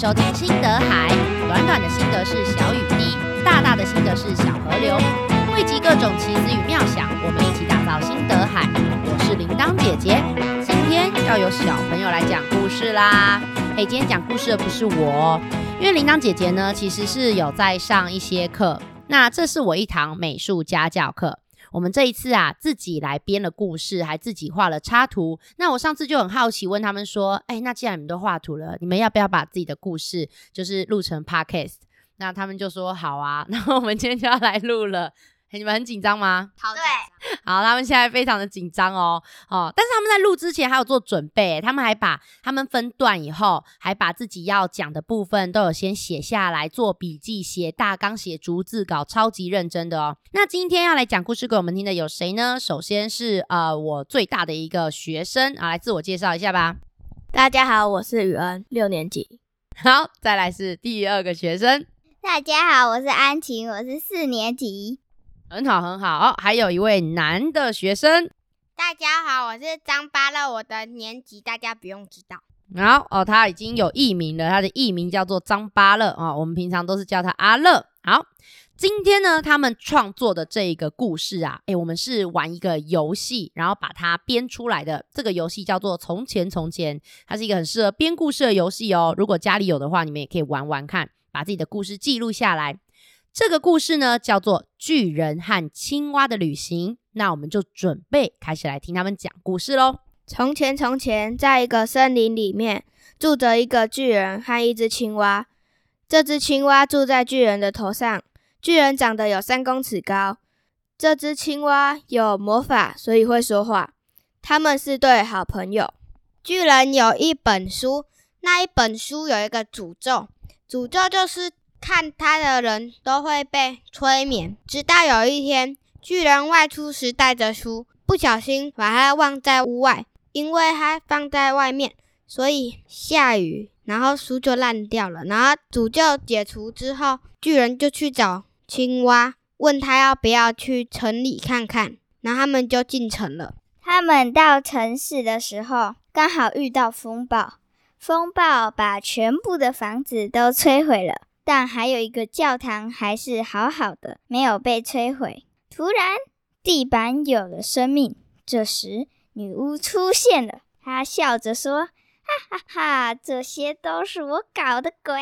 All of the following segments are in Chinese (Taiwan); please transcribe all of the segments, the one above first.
收聽心得海，短短的心得是小雨滴，大大的心得是小河流，匯集各種奇思與妙想，我們一起打造心得海。我是鈴鐺姐姐，今天要由小朋友來講故事啦。哎，今天講故事的不是我，因為鈴鐺姐姐呢，其實是有在上一些課。那這是我一堂美術家教課，我們這一次啊，自己來編了故事，還自己畫了插圖。那我上次就很好奇，問他們說：“哎、欸，那既然你們都畫圖了，你們要不要把自己的故事就是錄成 podcast？” 那他們就說：“好啊。”那我們今天就要來錄了。你們很緊張嗎？好，對，好，他們現在非常的緊張哦，哦，但是他們在錄之前還有做準備，他們還把他們分段以後，還把自己要講的部分都有先寫下來做筆記寫、寫大綱、寫逐字稿，超級認真的哦。那今天要來講故事給我們聽的有誰呢？首先是呃，我最大的一個學生啊，來自我介紹一下吧。大家好，我是宇恩，六年級。好，再來是第二個學生。大家好，我是安晴，我是四年級。很好很好，哦，還有一位男的學生，大家好，我是張八樂，我的年級大家不用知道。好哦，他已經有藝名了，他的藝名叫做張八樂啊，我們平常都是叫他阿樂。好，今天呢，他們創作的這一個故事啊，誒、欸，我們是玩一個遊戲，然後把它編出來的。這個遊戲叫做《從前從前》，它是一個很適合編故事的遊戲哦。如果家裡有的話，你們也可以玩玩看，把自己的故事記錄下來。這個故事呢，叫做《巨人和青蛙的旅行》。那我們就準備開始來聽他們講故事嘍。從前，從前，在一個森林裡面，住着一個巨人和一隻青蛙。這隻青蛙住在巨人的頭上，巨人長得有三公尺高。這隻青蛙有魔法，所以會說話。他們是對好朋友。巨人有一本書，那一本書有一個詛咒，詛咒就是，看他的人都會被催眠，直到有一天，巨人外出時帶着書，不小心把它忘在屋外。因為他放在外面，所以下雨，然後書就爛掉了。然後詛咒解除之後，巨人就去找青蛙，問他要不要去城裡看看。然後他們就進城了。他們到城市的時候，剛好遇到風暴，風暴把全部的房子都摧毀了。但還有一個教堂還是好好的，沒有被摧毀。突然，地板有了生命。這時，女巫出現了，她笑着說：“哈哈哈哈，這些都是我搞的鬼！”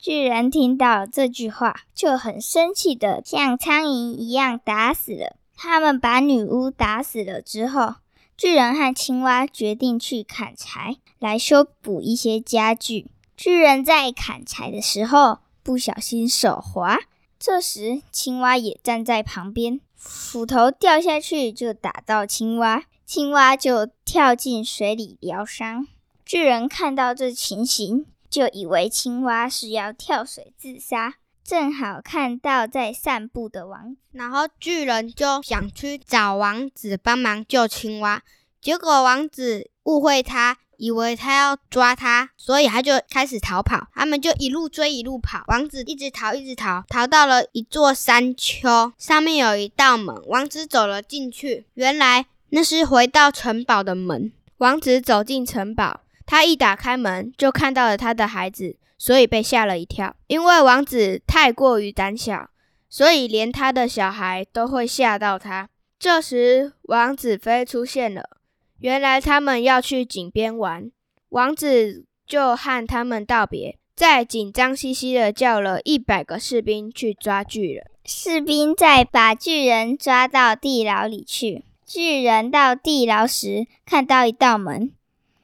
巨人聽到這句話，就很生氣的像蒼蠅一樣打死了。他們把女巫打死了之後，巨人和青蛙決定去砍柴來修補一些家具。巨人在砍柴的時候，不小心手滑，這時青蛙也站在旁邊，斧頭掉下去就打到青蛙，青蛙就跳進水裡療傷。巨人看到這情形，就以為青蛙是要跳水自殺，正好看到在散步的王，然後巨人就想去找王子幫忙救青蛙，結果王子誤會他。以為他要抓他，所以他就開始逃跑。他們就一路追一路跑，王子一直逃一直逃，逃到了一座山丘，上面有一道門。王子走了進去，原來那是回到城堡的門。王子走進城堡，他一打開門就看到了他的孩子，所以被嚇了一跳。因為王子太過於膽小，所以連他的小孩都會嚇到他。這時，王子妃出現了。原來他們要去井邊玩，王子就和他們道別，再緊張兮兮的叫了一百個士兵去抓巨人。士兵在把巨人抓到地牢裡去。巨人到地牢時，看到一道門，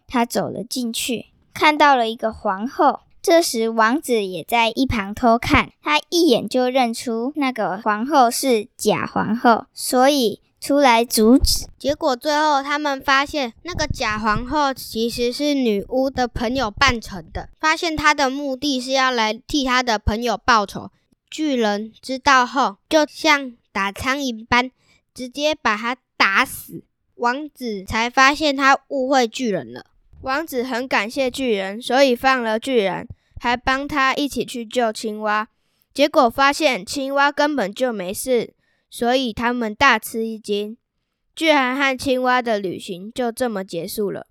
他走了進去，看到了一個皇後。這時，王子也在一旁偷看，他一眼就認出那個皇後是假皇後，所以。出來阻止，結果最後他們發現那個假皇後其實是女巫的朋友扮成的，發現她的目的是要來替她的朋友報仇。巨人知道後，就像打蒼蠅般，直接把她打死。王子才發現她誤會巨人了，王子很感謝巨人，所以放了巨人，還幫他一起去救青蛙。結果發現青蛙根本就沒事。所以他們大吃一驚，巨人和青蛙的旅行就這麼結束了。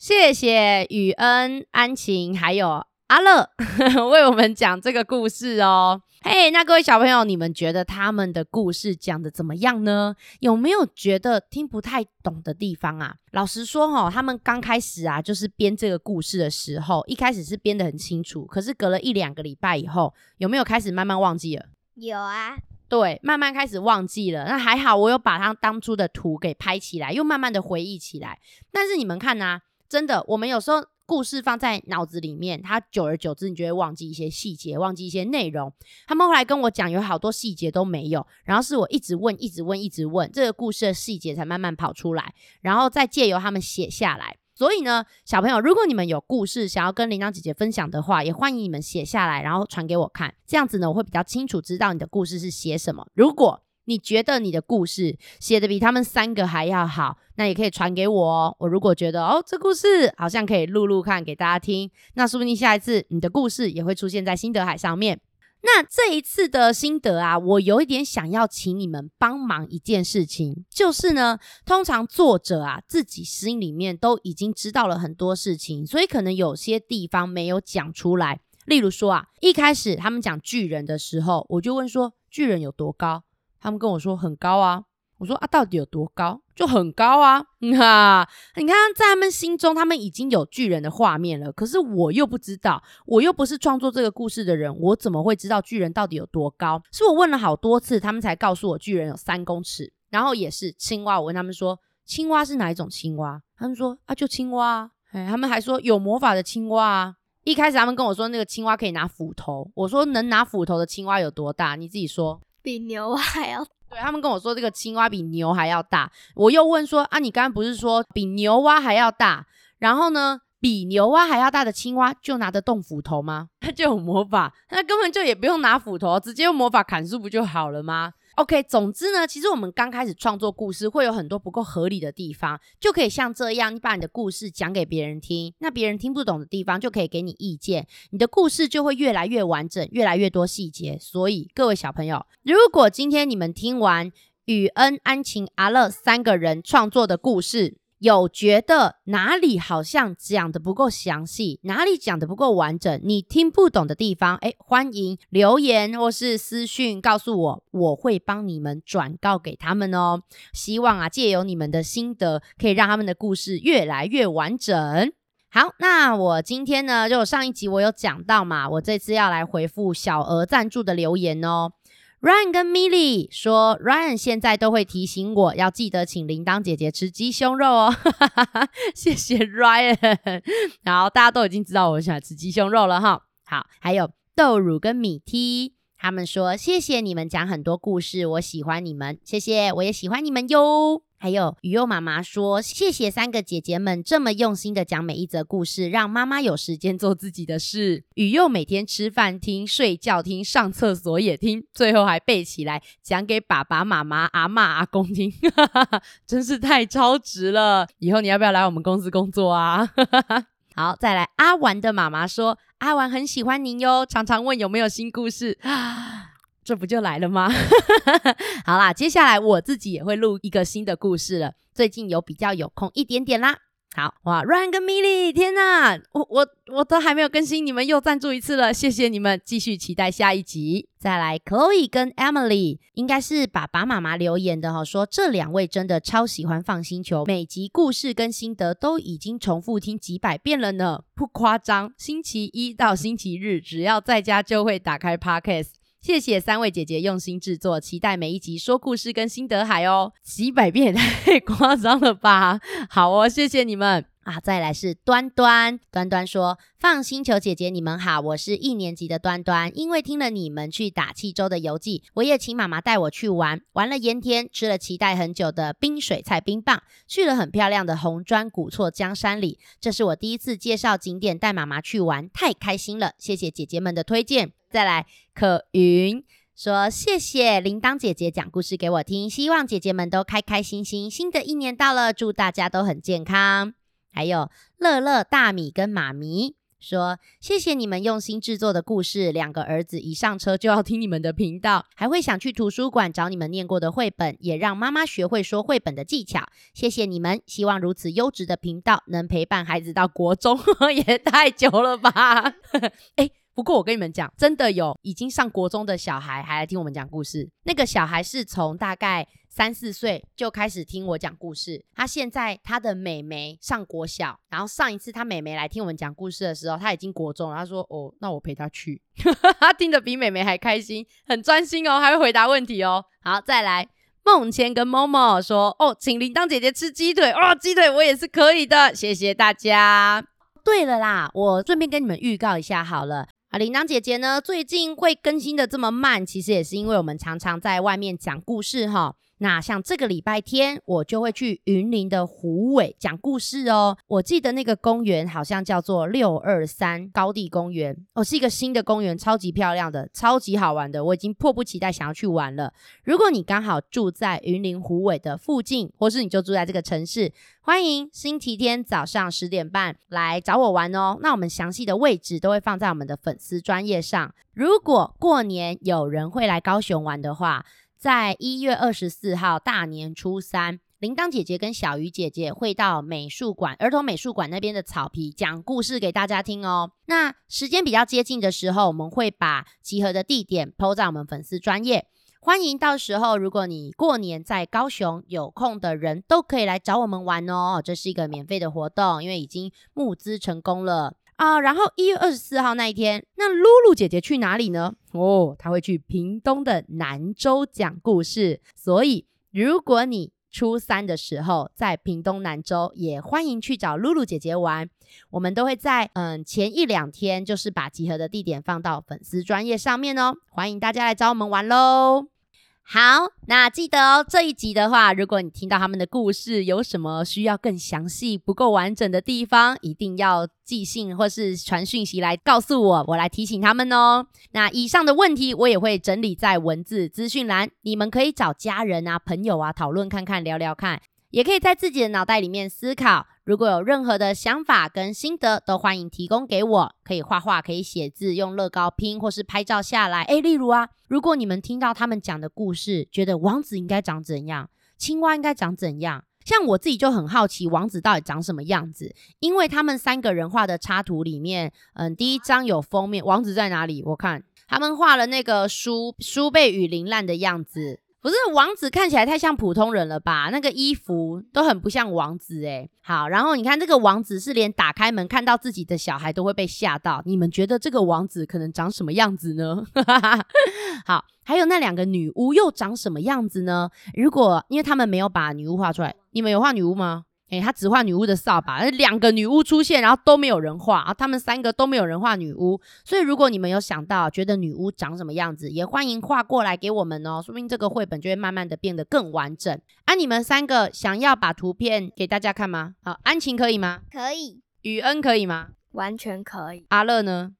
謝謝雨恩、安晴還有阿樂呵呵為我們講這個故事哦。嘿、hey，那各位小朋友，你們覺得他們的故事講得怎麼樣呢？有沒有覺得聽不太懂的地方啊？老實說、哦，哈，他們剛開始啊，就是編這個故事的時候，一開始是編得很清楚，可是隔了一兩個禮拜以後，有沒有開始慢慢忘記了？有啊。對，慢慢開始忘記了，那還好我有把它當初的圖給拍起來，又慢慢的回憶起來。但是你們看啊，真的，我們有時候故事放在腦子裡面，它久而久之，你就會忘記一些細節，忘記一些內容。他們後來跟我講，有好多細節都沒有，然後是我一直問，一直問，一直問，這個故事的細節才慢慢跑出來，然後再藉由他們寫下來。所以呢，小朋友，如果你們有故事想要跟鈴鐺姐姐分享的話，也歡迎你們寫下來，然後傳給我看。這樣子呢，我會比較清楚知道你的故事是寫什麼。如果你覺得你的故事寫的比他們三個還要好，那也可以傳給我哦。我如果覺得哦，這故事好像可以錄錄看給大家聽，那說不定下一次你的故事也會出現在新德海上面。那這一次的心得啊，我有一點想要請你們幫忙一件事情，就是呢，通常作者啊，自己心裡面都已經知道了很多事情，所以可能有些地方沒有講出來。例如說啊，一開始他們講巨人的時候，我就問說，巨人有多高？他們跟我說，很高啊。我說啊，到底有多高？就很高啊！你看，嗯哼，你看，在他們心中，他們已經有巨人的畫面了。可是我又不知道，我又不是創作這個故事的人，我怎麼會知道巨人到底有多高？是我問了好多次，他們才告訴我巨人有三公尺。然後也是青蛙，我問他們說，青蛙是哪一種青蛙？他們說啊，就青蛙。哎，他們還說有魔法的青蛙啊。一開始他們跟我說那個青蛙可以拿斧頭，我說能拿斧頭的青蛙有多大？你自己說。比牛蛙還要大。對，他們跟我說這個青蛙比牛還要大，我又問說啊，你剛剛不是說比牛蛙還要大？然後呢，比牛蛙還要大的青蛙就拿得動斧頭嗎？它就有魔法，那根本就也不用拿斧頭，直接用魔法砍樹不就好了嗎？OK，總之呢，其實我們剛開始創作故事，會有很多不夠合理的地方，就可以像這樣，你把你的故事講給別人聽，那別人聽不懂的地方就可以給你意見，你的故事就會越來越完整，越來越多細節。所以各位小朋友，如果今天你們聽完宇恩、安晴、阿樂三個人創作的故事，有覺得哪裡好像講得不夠詳細，哪裡講得不夠完整，你聽不懂的地方，誒，歡迎留言或是私訊告訴我，我會幫你們轉告給他們哦。希望啊，借由你們的心得，可以讓他們的故事越來越完整。好，那我今天呢，就上一集我有講到嘛，我這次要來回復小額贊助的留言哦。Ryan 跟 Milly 說，Ryan 現在都會提醒我要記得請鈴鐺姐姐吃雞胸肉哦。 謝謝 Ryan，然後 大家都已經知道我喜歡吃雞胸肉了哈。好，還有豆乳跟米 T，他們說謝謝你們講很多故事，我喜歡你們，謝謝，我也喜歡你們喲。還有雨佑媽媽說：“謝謝三個姐姐們這麼用心地講每一則故事，讓媽媽有時間做自己的事。雨佑每天吃飯聽、睡覺聽、上廁所也聽，最後還背起來講給爸爸媽媽、阿嬤、阿公聽， 真是太超值了。以後你要不要來我們公司工作啊？” 好，再來阿玩的媽媽說：“阿玩很喜歡您喲，常常問有沒有新故事啊。 ”這不就來了嗎？ 好啦，接下來我自己也會錄一個新的故事了。最近有比較有空一點點啦。好，哇，Run 跟 Milly，天哪，我我我都還沒有更新，你們又贊助一次了，謝謝你們！繼續期待下一集。再來，Chloe 跟 Emily，應該是爸爸媽媽留言的哈、哦，說這兩位真的超喜歡 FUN 星球，每集故事跟心得都已經重複聽幾百遍了呢，不誇張。星期一到星期日，只要在家就會打開 Podcast。謝謝三位姐姐用心制作，期待每一集說故事跟心得海哦，幾百遍也太誇張了吧？好哦，謝謝你們啊！再來是端端，端端說：FUN 星球姐姐你們好，我是一年級的端端，因為聽了你們去打氣周的遊記，我也請媽媽帶我去玩，玩了鹽田，吃了期待很久的冰水菜冰棒，去了很漂亮的紅磚古厝江山裡，這是我第一次介紹景點帶媽媽去玩，太開心了，謝謝姐姐們的推薦。再來，可雲說：“謝謝鈴鐺姐姐講故事給我聽，希望姐姐們都開開心心。新的一年到了，祝大家都很健康。”還有樂樂、大米跟媽咪說：“謝謝你們用心製作的故事，兩個兒子一上車就要聽你們的頻道，還會想去圖書館找你們唸過的繪本，也讓媽媽學會說繪本的技巧。謝謝你們，希望如此優質的頻道能陪伴孩子到國中， 也太久了吧？”誒、 欸。不過我跟你們講，真的有已經上國中的小孩還來聽我們講故事。那個小孩是從大概三四歲就開始聽我講故事。他現在他的妹妹上國小，然後上一次他妹妹來聽我們講故事的時候，他已經國中了。他說：“哦，那我陪他去。 ”他聽得比妹妹還開心，很專心哦，還會回答問題哦。好，再來夢千跟 Momo 說：“哦，請鈴鐺姐姐吃雞腿啊！”哦，雞腿我也是可以的，謝謝大家。對了啦，我順便跟你們預告一下好了。啊，鈴鐺姐姐呢，最近會更新的這麼慢，其實也是因為我們常常在外面講故事齁。那像這個禮拜天，我就會去雲林的虎尾講故事哦。我記得那個公園好像叫做六二三高地公園哦，是一個新的公園，超級漂亮的，超級好玩的。我已經迫不及待想要去玩了。如果你剛好住在雲林虎尾的附近，或是你就住在這個城市，歡迎星期天早上十點半來找我玩哦。那我們詳細的位置都會放在我們的粉絲專頁上。如果過年有人會來高雄玩的話，在一月二十四號大年初三，鈴鐺姐姐跟小魚姐姐會到美術館、兒童美術館那邊的草皮講故事給大家聽哦。那時間比較接近的時候，我們會把集合的地點 po 在我們粉絲專頁，歡迎到時候如果你過年在高雄有空的人都可以來找我們玩哦。這是一個免費的活動，因為已經募資成功了。啊、呃，然後一月二十四號那一天，那露露姐姐去哪裡呢？哦，她會去屏東的南州講故事。所以，如果你初三的時候在屏東南州，也歡迎去找露露姐姐玩。我們都會在嗯前一兩天，就是把集合的地點放到粉絲專頁上面哦，歡迎大家來找我們玩嘍。好，那記得哦，這一集的話，如果你聽到他們的故事，有什麼需要更詳細、不夠完整的地方，一定要寄信或是傳訊息來告訴我，我來提醒他們哦。那以上的問題，我也會整理在文字資訊欄，你們可以找家人啊、朋友啊討論看看、聊聊看。也可以在自己的腦袋裡面思考，如果有任何的想法跟心得，都歡迎提供給我。可以畫畫，可以寫字，用樂高拼，或是拍照下來。哎，例如啊，如果你們聽到他們講的故事，覺得王子應該長怎樣，青蛙應該長怎樣？像我自己就很好奇王子到底長什麼樣子，因為他們三個人畫的插圖裡面，嗯，第一張有封面，王子在哪裡？我看他們畫了那個書，書被雨淋爛的樣子。不是，王子看起來太像普通人了吧？那個衣服都很不像王子欸。好，然後你看這個王子是連打開門看到自己的小孩都會被嚇到。你們覺得這個王子可能長什麼樣子呢？哈哈哈，好，還有那兩個女巫又長什麼樣子呢？如果因為他們沒有把女巫畫出來，你們有畫女巫嗎？誒，他只畫女巫的掃把，而兩個女巫出現，然後都沒有人畫啊，然後他們三個都沒有人畫女巫，所以如果你們有想到，覺得女巫長什麼樣子，也歡迎畫過來給我們哦，說不定這個繪本就會慢慢的變得更完整。啊，你們三個想要把圖片給大家看嗎？好，啊，安晴可以嗎？可以。雨恩可以嗎？完全可以。阿樂呢？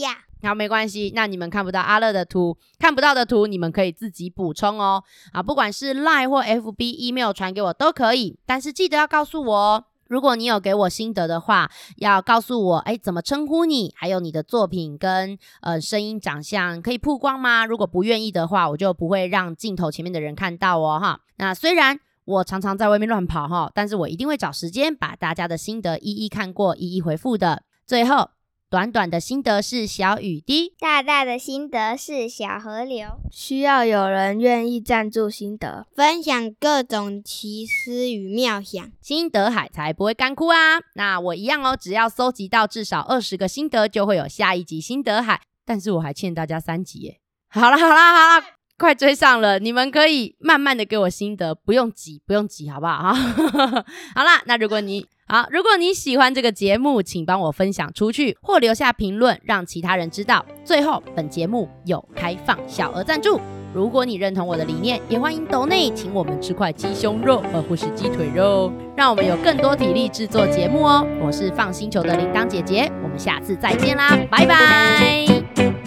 呀，好，沒關係。那你們看不到阿樂的圖，看不到的圖你們可以自己補充哦。啊，不管是 LINE 或 FB、email 傳給我都可以，但是記得要告訴我哦。如果你有給我心得的話，要告訴我。誒、欸，怎麼稱呼你？還有你的作品跟呃聲音、長相可以曝光嗎？如果不願意的話，我就不會讓鏡頭前面的人看到哦。哈，那雖然我常常在外面亂跑哈，但是我一定會找時間把大家的心得一一看過，一一回覆的。最後。短短的心得是小雨滴，大大的心得是小河流。需要有人願意贊助心得，分享各種奇思與妙想，心得海才不會乾枯啊！那我一樣哦，只要蒐集到至少二十個心得，就會有下一集心得海。但是我還欠大家三集耶！好好啦，好啦，好啦，快追上了！你們可以慢慢的給我心得，不用急，不用急，好不好？哈 好啦，那如果你……嗯好，如果你喜歡這個節目，請幫我分享出去，或留下評論，讓其他人知道。最後，本節目有開放小額贊助，如果你認同我的理念，也歡迎抖內請我們吃塊雞胸肉，而不是雞腿肉，讓我們有更多體力制作節目哦。我是 FUN 星球的鈴鐺姐姐，我們下次再見啦，拜拜。